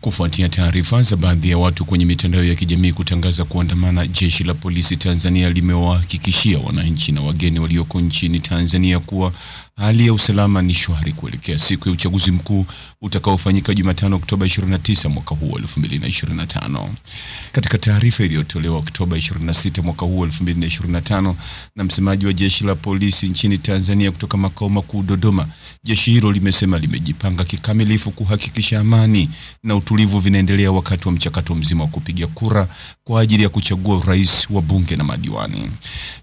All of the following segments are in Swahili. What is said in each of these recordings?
Kufuatia taarifa za baadhi ya watu kwenye mitandao ya kijamii kutangaza kuandamana, Jeshi la Polisi Tanzania limewahakikishia wananchi na wageni walioko nchini Tanzania kuwa hali ya usalama ni shwari kuelekea siku ya uchaguzi mkuu utakaofanyika Jumatano, Oktoba 29 mwaka huu 2025. Katika taarifa iliyotolewa Oktoba 26 mwaka huu 2025 na msemaji wa Jeshi la Polisi nchini Tanzania kutoka makao makuu Dodoma, Jeshi hilo limesema limejipanga kikamilifu kuhakikisha amani na utulivu vinaendelea wakati wa mchakato mzima wa kupiga kura kwa ajili ya kuchagua rais wa bunge na madiwani.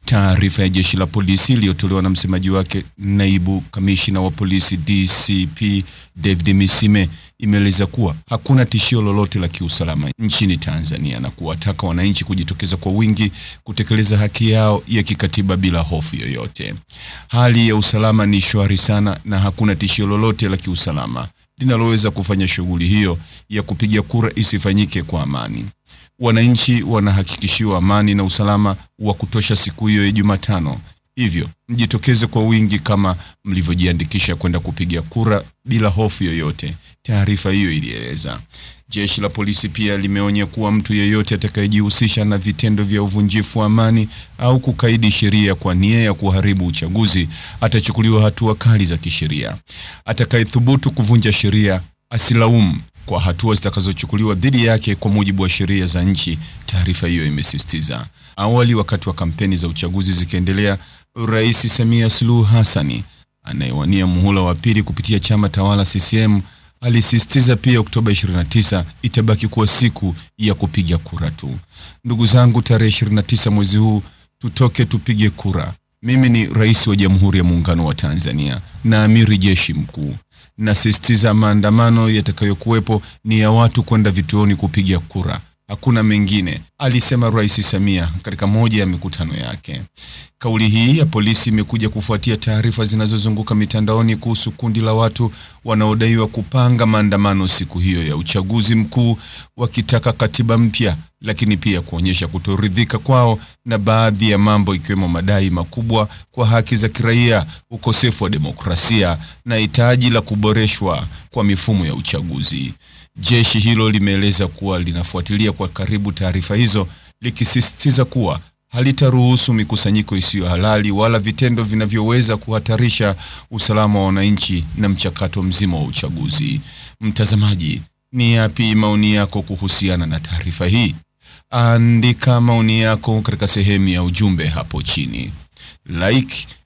Taarifa ya jeshi la polisi iliyotolewa na msemaji wake, naibu kamishina wa polisi DCP David Misime imeeleza kuwa hakuna tishio lolote la kiusalama nchini Tanzania na kuwataka wananchi kujitokeza kwa wingi kutekeleza haki yao ya kikatiba bila hofu yoyote. Hali ya usalama ni shwari sana na hakuna tishio lolote la kiusalama linaloweza kufanya shughuli hiyo ya kupiga kura isifanyike kwa amani. Wananchi wanahakikishiwa amani na usalama wa kutosha siku hiyo ya Jumatano Hivyo mjitokeze kwa wingi kama mlivyojiandikisha kwenda kupiga kura bila hofu yoyote, taarifa hiyo ilieleza. Jeshi la polisi pia limeonya kuwa mtu yeyote atakayejihusisha na vitendo vya uvunjifu wa amani au kukaidi sheria kwa nia ya kuharibu uchaguzi atachukuliwa hatua kali za kisheria. Atakayethubutu kuvunja sheria asilaumu kwa hatua zitakazochukuliwa dhidi yake kwa mujibu wa sheria za nchi, taarifa hiyo imesisitiza. Awali, wakati wa kampeni za uchaguzi zikiendelea, Rais Samia Suluhu Hassan anayewania muhula wa pili kupitia chama tawala CCM alisisitiza pia Oktoba 29 itabaki kuwa siku ya kupiga kura tu. Ndugu zangu, tarehe 29 mwezi huu tutoke tupige kura. Mimi ni rais wa Jamhuri ya Muungano wa Tanzania na amiri jeshi mkuu. Nasisitiza maandamano yatakayokuwepo ni ya watu kwenda vituoni kupiga kura, hakuna mengine, alisema Rais Samia katika moja ya mikutano yake. Kauli hii ya polisi imekuja kufuatia taarifa zinazozunguka mitandaoni kuhusu kundi la watu wanaodaiwa kupanga maandamano siku hiyo ya uchaguzi mkuu, wakitaka katiba mpya, lakini pia kuonyesha kutoridhika kwao na baadhi ya mambo, ikiwemo madai makubwa kwa haki za kiraia, ukosefu wa demokrasia na hitaji la kuboreshwa kwa mifumo ya uchaguzi. Jeshi hilo limeeleza kuwa linafuatilia kwa karibu taarifa hizo, likisisitiza kuwa halitaruhusu mikusanyiko isiyo halali wala vitendo vinavyoweza kuhatarisha usalama wa wananchi na mchakato mzima wa uchaguzi. Mtazamaji, ni yapi maoni yako kuhusiana na taarifa hii? Andika maoni yako katika sehemu ya ujumbe hapo chini. Like,